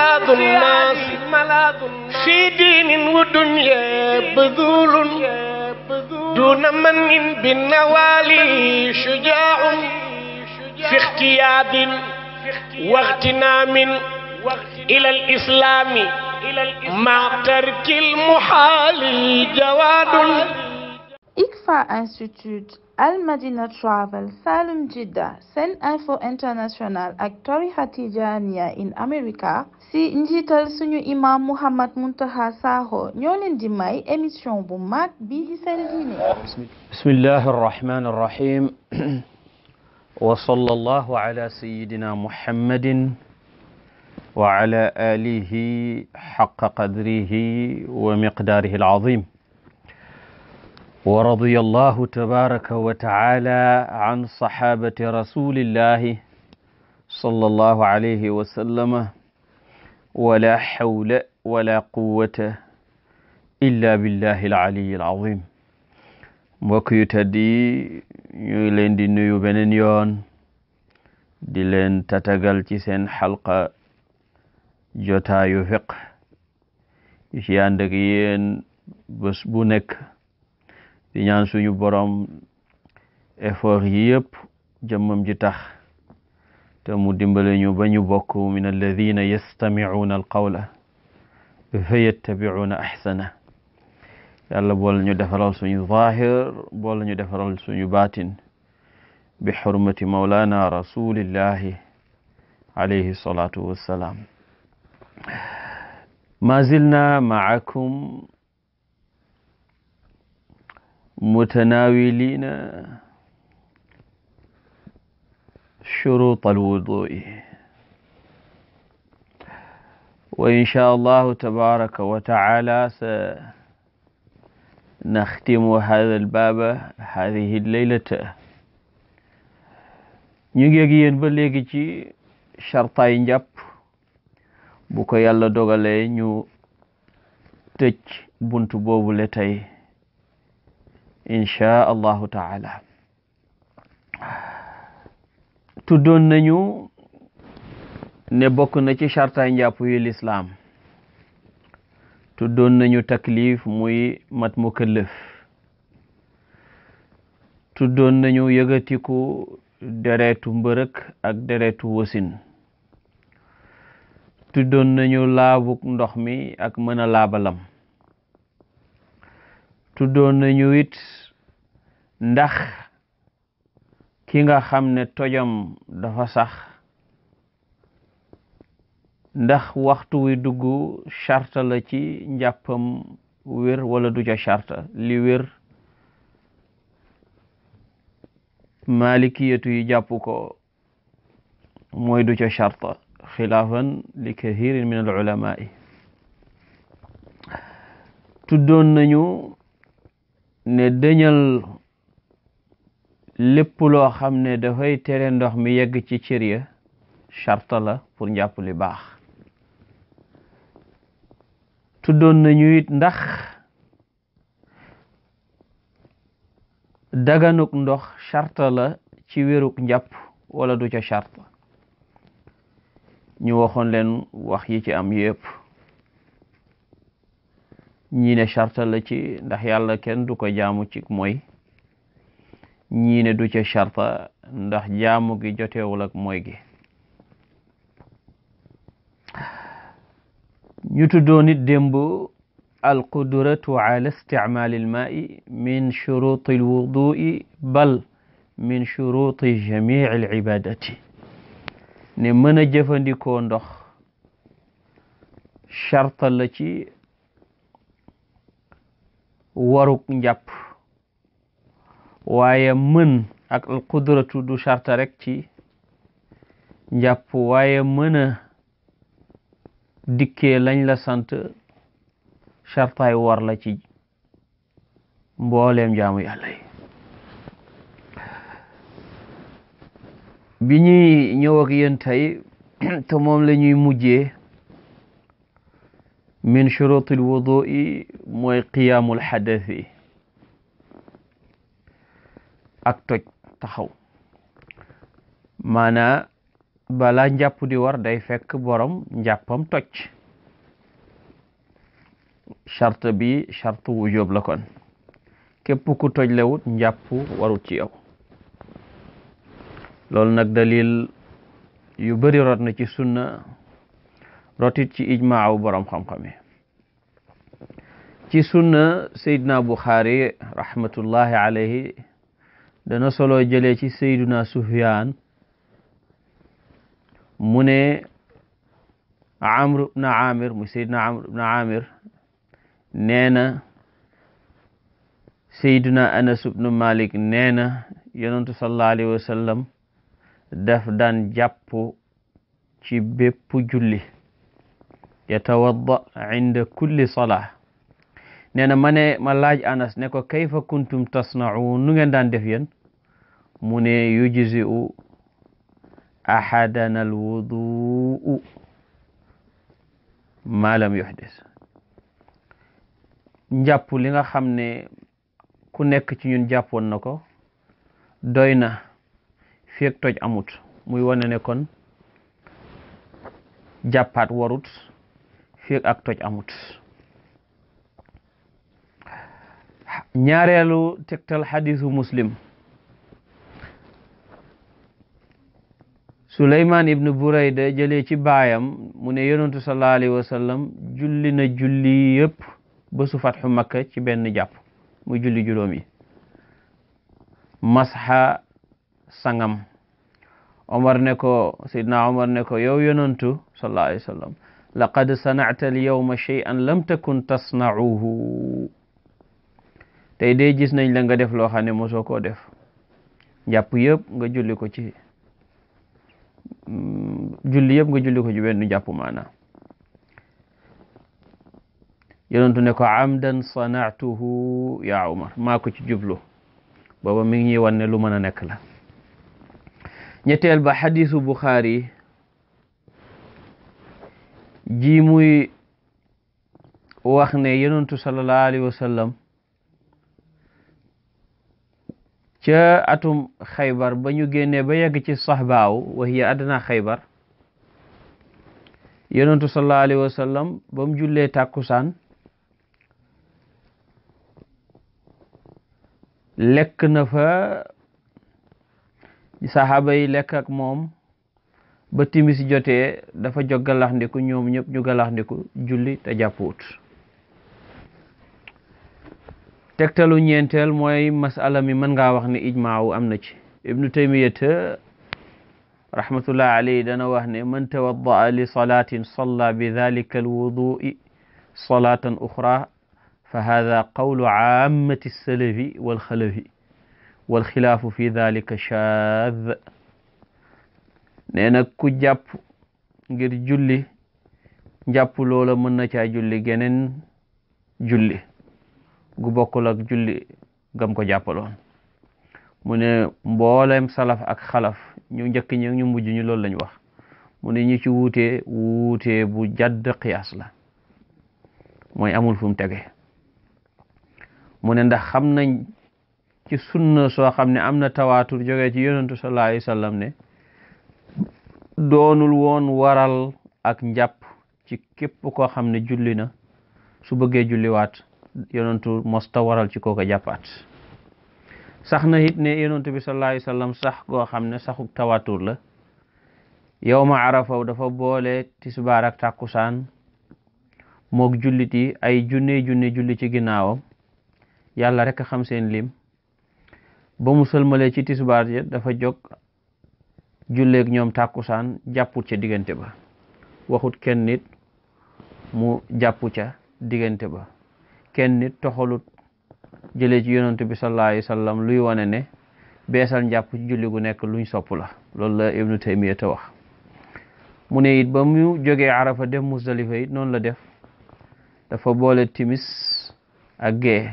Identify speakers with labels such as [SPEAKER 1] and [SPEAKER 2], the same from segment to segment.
[SPEAKER 1] ملاذ الناس في دين ودنيا بذول دون من بالنوالي شجاع في اختياب واغتنام إلى الإسلام مع ترك المحال جواد ICFA Institute Al Madina Travel Salum Jidda Sen Info International ak tarixa Tijaaniya in America si njiital suñu imam Mouhamed Muntaha Sakho ñoo leen di may émission bu mag bii di seen diine bismillahi arrahmani arrahim wa sallallahu ala sayidina muhammadin wa ala alihi xaqa qadrihi wa miqdaarihi alazim wa radiya allahu tabaraka wa taala an sahabati rasulillahi sallallahu alayhi wa sallama wala hawla wala quwwata illa billahi alaliyi alazim mbokk yu tedd di ñu leen di nuyu beneen yoon di leen tatagal ci seen xalqa jotaayu fiq yu ci ànd ak yéen bés bu nekk di ñaan suñu borom effort yi yëpp jëmmam ji tax te mu dimbale ñu ba ñu bokk min alladina yastamicuuna alqawla fa yattabicuuna axsana yàlla bool ñu defaral suñu zaahir bool ñu defaral suñu baatin bi xurmati maulana rasulillahi alayhi salatu wassalaam ما زلنا معكم متناولين شروط الوضوء وإن شاء الله تبارك وتعالى سنختم هذا الباب هذه الليلة ñu ngi ak yéen ba léegi ci chartaay njàpp bu ko yàlla dogalee ñu tëj buntu boobu le tey inchaa allahu taala tuddoon nañu ne bokk na ci chartaay njàpp yu lislaam tuddoon nañu taklif muy mat mu këllëf tuddoon nañu yëgatiku deretu mbërëk ak deretu wasin tuddoon nañu laabuk ndox mi ak mëna laabalam tuddoon nañu it ndax ki nga xam ne tojom dafa sax ndax waxtu wi dugg charta la ci njàppam wér wala du ca charta li wér malikiyatu yi jàpp ko mooy du ca charta li kathirin min al ulama yi tuddoon nañu ne dañal lépp loo xam ne dafay tere ndox mi yegg ci cër ya charta la pour njàpp li baax tuddoon nañu it ndax daganuk ndox charta la ci wéruk njàpp walla du ca charta ñu waxoon leen wax yi ci am yépp ñi ne charta la ci ndax yàlla kenn du ko jaamu ci mooy ñii du ca sharta ndax jaamu gi jotewul ak mooy gi ñu tuddoo nit démb alqudratu ala isticmaali almaai min shuruti alwudui min shuruti jamii alibadati ne mën a jëfandikoo ndox sharta ci waruk njàpp waaye mën ak qudratu du charta rek ci njàpp waaye mën a lañ la sant chartaay war la ci mboolem jaamu yàlla yi bi ñuy ñëw ak yéen moom la ñuy mujjee min shurutil wudu'i mooy qiyaamul xadath yi ak toj taxaw maanaa bala njàpp di war day fekk borom njàppam toj charte bi charte wu jóob la kon képp ku toj lewut njàpp warut ci yow loolu nag dalil yu bëri rot na ci sunna rotit ci ijmaaw borom xam-xame ci sunna Seydina Buxaari rahmatullahi alayhi dana solo jëlee ci sayduna sufyaan mu ne amr ibn amir mu sayduna amr ibn amir nee na sayduna anas ibn malik nee na yonentu sallallahu alayhi wa daf daan jàpp ci bépp julli yatawadda inda kulli salaa nee na ma ne ma laaj anas ne ko kayfa kuntum tasna'un nu ngeen daan def yéen mu ne yujzi'u ahadana alwudu'u ma lam yuhdis njàpp li nga xam ne ku nekk ci ñun jàppoon na ko doy na feeg toj amut muy wane ne kon jàppaat warut feeg ak toj amut ñaareelu tegtal xadisu muslim suleyman ibnu burayda jëlee ci baayam mu ne yonentu sallallahu alayhi wa sallam julli na julli yëpp ba su fatxu makka ci benn jàpp muy julli juróom yi masxa sangam omar ne ko sayidna omar ne ko yow yonentu sallallahu alayhi wa sallam laqad sana'ta al yawma shay'an lam takun tasna'uhu tey de gis nañ la nga def loo xam ne mosoo koo def njàpp yëpp nga julli ko ci mm, julli yëpp nga julli ko ci benn jàpp maanaam yonentu ne ko amdan sanatuhu ya umar maa ko ci jublu booba mi ngi ñuy lu mën a nekk la ñetteel ba xadisu buxaari ji muy wax ne yonentu sallallahu alayhi ca atum xaybar ba ñu génnee ba yegg ci saxbaaw wa hiya adna xaybar yonentu sallallahu alayhi wa sallam jullee tàkkusaan lekk na fa saxaaba yi lekk ak moom ba timis jotee dafa jog galaxndiku ñoom ñëpp ñu galaxndiku julli te jàppuwut tegtalu ñeenteel mooy masala mi mën ngaa wax ne ijmaawu am na ci ibnu taymiyata rahmatullah alayhi dana wax ne man tawaddaa li salaatin salla bi dalika alwudui salatan uxra fa hada qawlu caamati salafi walxalafi walxilaafu fi dalika shaad nee na ku jàpp ngir julli njàpp loola mën na caa julli geneen julli gu bokkul ak julli gam ko jàppaloon mu ne mboolem salaf ak xalaf ñu njëkk ñi ñu mujj ñu loolu lañ wax mu ne ñu ci wuutee wuutee bu jadd qiyaas la mooy amul fu mu tege mu ne ndax xam nañ ci sunna soo xam ne am na tawaatur jógee ci yonentu sallallahu alayhi wa ne doonul woon waral ak njàpp ci képp koo xam ne julli na su bëggee julliwaat yonentu mosta waral ci kooka jàppaat sax na it ne yonentu bi sallallahu alayhi wasallam sax goo xam ne saxuk tawatur la yow ma arafa dafa boole tisbaar ak tàkkusaan moog jullit yi ay junne junne julli ci ginnaawam yàlla rek xam seen lim ba mu sëlmalee ci tisbaar ja dafa jog julleeg ñoom tàkkusaan jàpput ca diggante ba waxut kenn nit mu jàppu ca diggante ba kenn nit toxalut jëlee ci yonent bi sallallahu sallam luy wane ne beesal njàpp julli gu nekk luñ sopp la loolu la ibnu taymiya te wax mu ne it ba mu jógee arafa dem musdalifa it noonu la def dafa boole timis ak gee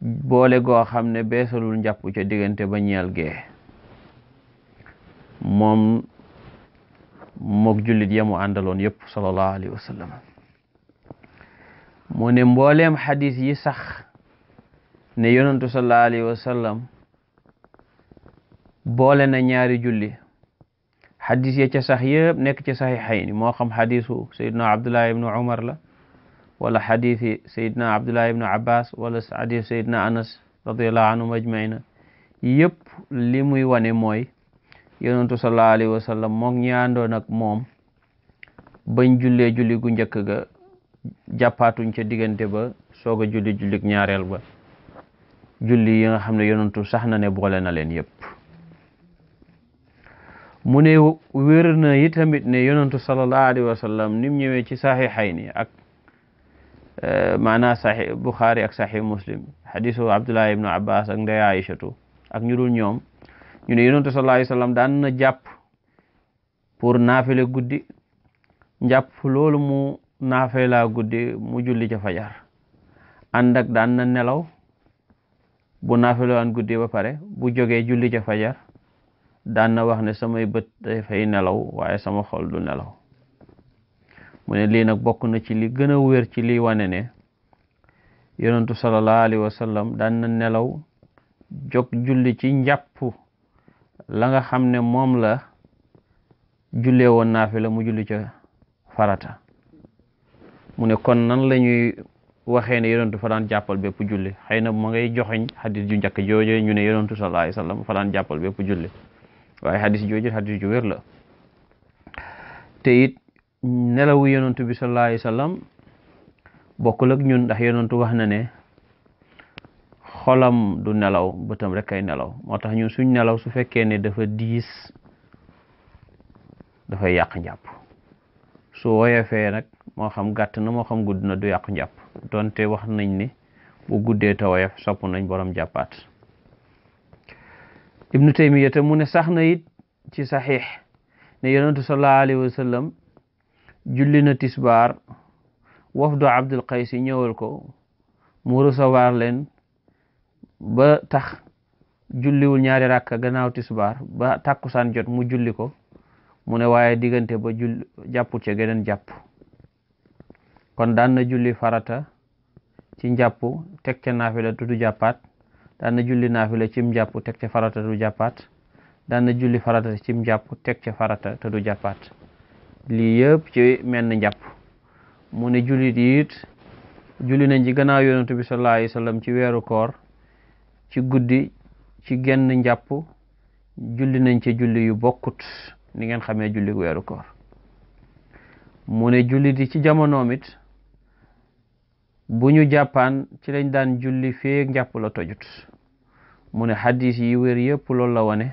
[SPEAKER 1] boole goo xam ne beesalul njàpp ca diggante ba ñeel gee moom mook jullit yamu àndaloon yëpp sallallahu alayhi mu ne mbooleem xadis yi sax ne yonantu sallallahu alayhi wa boole na ñaari julli xadis ya ca sax yëpp nekk ci saxiixayni moo xam xadisu sayidna abdullah ibnu umar la wala xadisi sayidna abdullah ibnu abbas wala xadis sayidna anas radiallahu anhum ajmaina yëpp li muy wane mooy yonantu sallallahu alayhi wa sallam moom ñaandoon ak moom bañ jullee julli gu njëkk jàppaatuñ ca diggante ba soog a julli jullik ñaareel ba julli yi nga xam ne yonantu sax na ne boole na leen yëpp mu ne wér na yi tamit ne yonantu sallallahu alayhi wa nim ñëwee ci saxiixayni ak e, maanaa saxi Buxaari ak saxi Muslim xadisu Abdullahi ibnu Abbas ak ndey Aïchatu ak ñu dul ñoom ñu ne yonantu sallallahu alayhi wa sallam daan na guddi njàpp loolu mu naafe laa guddi mu julli ca fajar ànd ak daan na nelaw bu naafelowaan guddi ba pare bu jógee julli ca fajar daan na wax ne samay bët dafay nelaw waaye sama xol du nelaw mu ne lii nag bokk na ci li gën a wér ci liy wane ne yonentu sallallahu alayhi wa sallam daan na nelaw jóg julli ci njàpp la nga xam ne moom la jullee woon naafe la mu julli ca farata mu ne kon nan la ñuy waxee ne yonentu fa daan jàppal bépp julli xëy na ma ngay joxeñ xadis ju njëkk joojoo ñu ne yonentu sallallahu alayhi wasallam fa daan jàppal bépp julli waaye xadis jooje xadis ju wér la te it nelawu yonentu bi sallallahu alayhi wasallam bokkul ak ñun ndax yonentu wax na ne xolam du nelaw bëtam rek ay nelaw moo tax ñun suñ nelaw su fekkee ne dafa diis dafay yàq njàpp su woyefee nag moo xam gàtt na moo xam gudd na du yàqu njàpp donte wax nañ ni bu guddee te woyef sopp nañ borom jàppaat ibnu taymiya te mu ne sax na it ci saxiix ne yonentu sallallahu alayhi wa sallam julli na tisbaar wafdu abdul qays ñëwal ko mu recevoir leen ba tax julliwul ñaari rakka gannaaw tisbaar ba takkusaan jot mu julli ko mu ne waaye diggante ba jul jàppu ca geneen jàpp kon daan na julli farata ci njàpp teg ca naafila tudu jàppaat daan na julli naafila ci njàpp teg ca farata daan na julli farata ci njàpp teg ca farata tudu jàppat lii yëpp ci menn njàpp mu ne jullit yi it julli nañ ci gannaaw yonentu bi sallallahu alayhi ci weeru koor ci guddi ci genn njàpp julli nañ ci julli yu bokkut ni ngeen xamee julli weeru koor mu ne jullit yi ci jamonoom it bu ñu jàppaan ci lañ daan julli feeg njàpp la tojut mu ne xaddis yi wér yëpp loolu la wane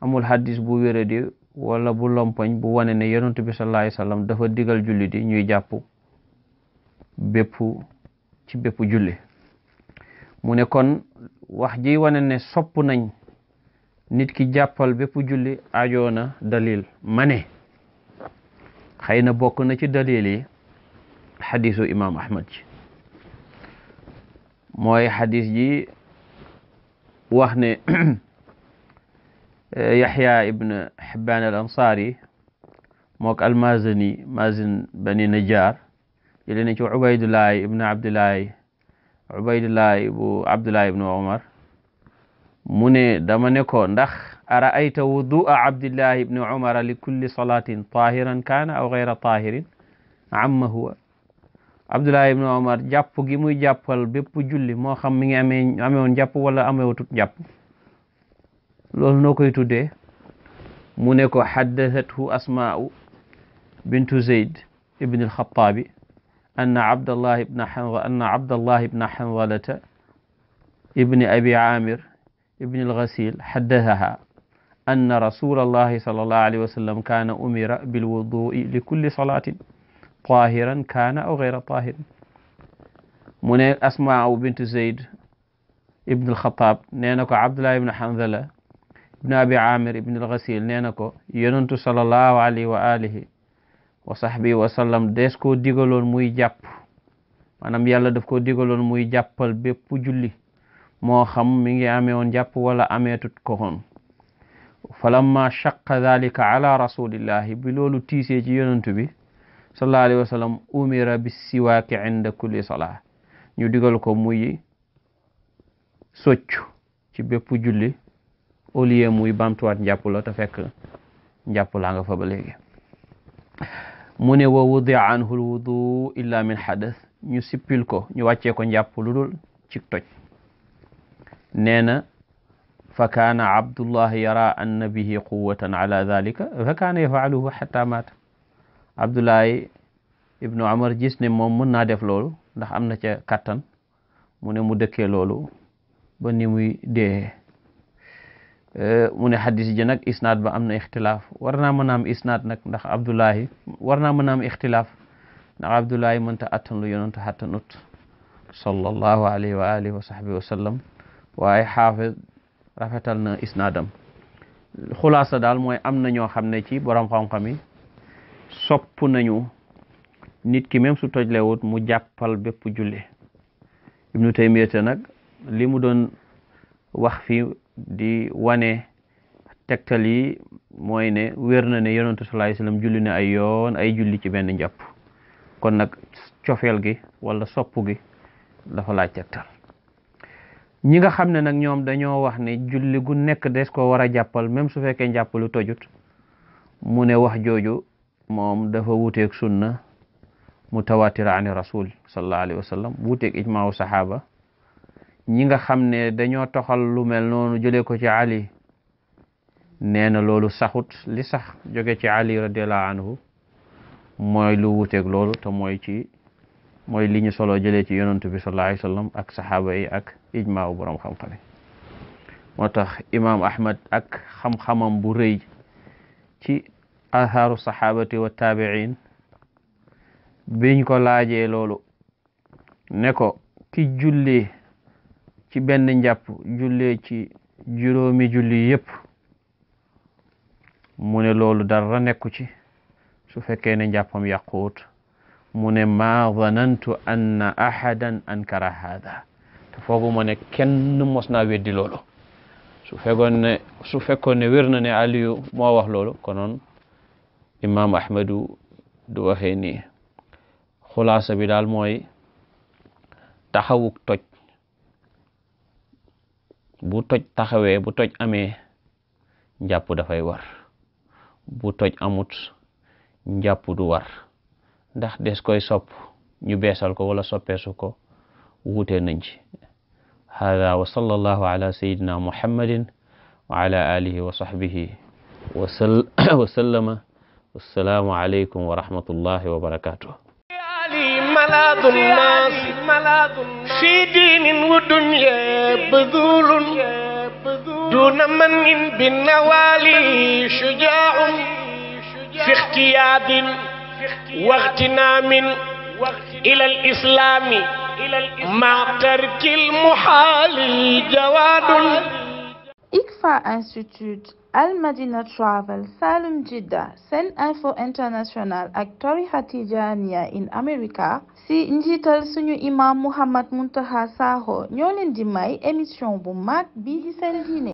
[SPEAKER 1] amul xadis bu wéradi walla bu lompoñ bu wane ne yonent bi sallallahu alayhi dafa digal julli di ñuy jàpp bépp ci bépp julli mu ne kon wax ji wane ne sopp nañ nit ki jàppal bépp julli ajoo na dalil ma ne xëy na bokk na ci dalil yi xadisu imam ahmad ji mooy xadis ji wax ne yaxya ibn xibaan al mook almazini mazin bani najaar jëlee na ci ubaydullahi ibn abdullahi abdullahi ibn omar mu ne dama ne ko ndax ara ayta wudu'a abdillahi ibni umara li kulli salatin tahiran kaana aw gayra tahirin amma huwa abdullahi ibni umar jàpp gi muy jàppal bépp julli moo xam mi ngi amee amewoon jàpp wala amewutut jàpp loolu noo koy tuddee mu ne ko haddathathu asma'u bintu zeyd ibn alxataabi anna abdallahi ibna hanza anna abdallahi ibna hanzalata ibni abi amir ibn al-Ghasil haddathaha anna rasulallahi sallallahu alayhi wa sallam kaana umira bilwudu'i li kulli salatin tahiran kaana aw ghayra tahirin mu ne asma'u bint zeyd ibn al-Khattab nee na ko abdullah ibn hanzala ibn abi amir ibn al-Ghasil nee na ko yonentu sallallahu alayhi wa alihi wa sahbihi wa sallam dees koo digaloon muy jàpp maanaam yàlla daf koo digaloon muy jàppal bépp julli moo xam mi ngi amee woon jàpp wala ameetut ko woon falamma chaqa dalika ala rasulillahi bi loolu tiisee ci yonantu bi sallallahu alayhi bi siwaaki inda kulli salaa ñu digal ko muy soccu ci bépp julli au lieu muy bamtuwaat njàpp la te fekk njàpp laa nga fa ba léegi mu ne wa wudia anhu lwudu illa min xadas ñu sippil ko ñu wàccee ko njàpp lu dul ci toj nee na fa kaana abdullahi yara anna bihi quwatan ala dhalika fa kaana yafaaluhu xata maata abdullahi ibnu amar gis ne moom mën naa def loolu ndax am na ca kattan mu ne mu dëkkee loolu ba ni muy dee mu ne xadis ji nag isnaad ba am na ixtilaaf war naa mën a am isnaad nag ndax abdullahi war naa mën a am ixtilaaf ndax abdullahi mënta attan lu yonantu xattanut sallallahu alayhi wa alihi wa sahbihi wa sallam waaye xaafid rafetal na isnaadam xulaasa daal mooy am na ñoo xam ne ci borom xam-xam yi sopp nañu nit ki même su toj tojlewut mu jàppal bépp julli ibnu taymiyata nag li mu doon wax fi di wane tegtal yi mooy ne wér na ne yonentu sallallahu alayhi julli ne ay yoon ay julli ci benn njàpp kon nag cofeel gi walla sopp gi dafa laaj tegtal ñi nga xam ne nag ñoom dañoo wax ne julli gu nekk des ko war a jàppal même su fekkee njàppalu tojut mu ne wax jooju moom dafa wuteeg sunna mutawatir ani rasul sallallahu alayhi wa sallam wuuteeg ijmaawu saxaaba ñi nga xam ne dañoo toxal lu mel noonu jëlee ko ci ali nee na loolu saxut li sax jóge ci ali radiallahu anhu mooy lu wuuteeg loolu te mooy ci mooy li ñu solo jëlee ci yonantu bi sallallahu alayhi ak saxaaba yi ak ijmaawu borom xam-xam moo tax imaam Ahmad ak xam-xamam bu rëy ci athaaru saxaabati wa taabi'in biñ ko laajee loolu ne ko ki julli ci benn njàpp jullee ci juróomi julli yépp mu ne loolu dara nekku ci su fekkee ne njàppam yàquut mu ne ma zanantu anna ahadan ankara hada te foogu ne kenn mos naa weddi loolu su fekkoon ne su fekkoon ne wér na ne Aliyu moo wax loolu konoon imaam Ahmadu du waxee nii xulaasa bi daal mooy taxawuk toj bu toj taxawee bu toj amee njàpp dafay war bu toj amut njàpp du war ndax des koy sopp ñu beesal ko wala soppeesu ko wuutee nañ ci hada wa sallallahu ala sayidina muhammadin wa ala alihi wa sahbihi wa sallama wassalaamu aleykum wa rahmatullahi wa barakatuh ملاذ الناس في دين ودنيا بذول دون من بالنوالي شجاع في اختياد واغتنا من إلى الإسلام مع ترك المحال Travel Salum Jidda Sen Info International ak tarixa Tijaaniya in America si njiital suñu imam Mouhamed Muntaha Sakho ñoo leen di bu mag bii di seen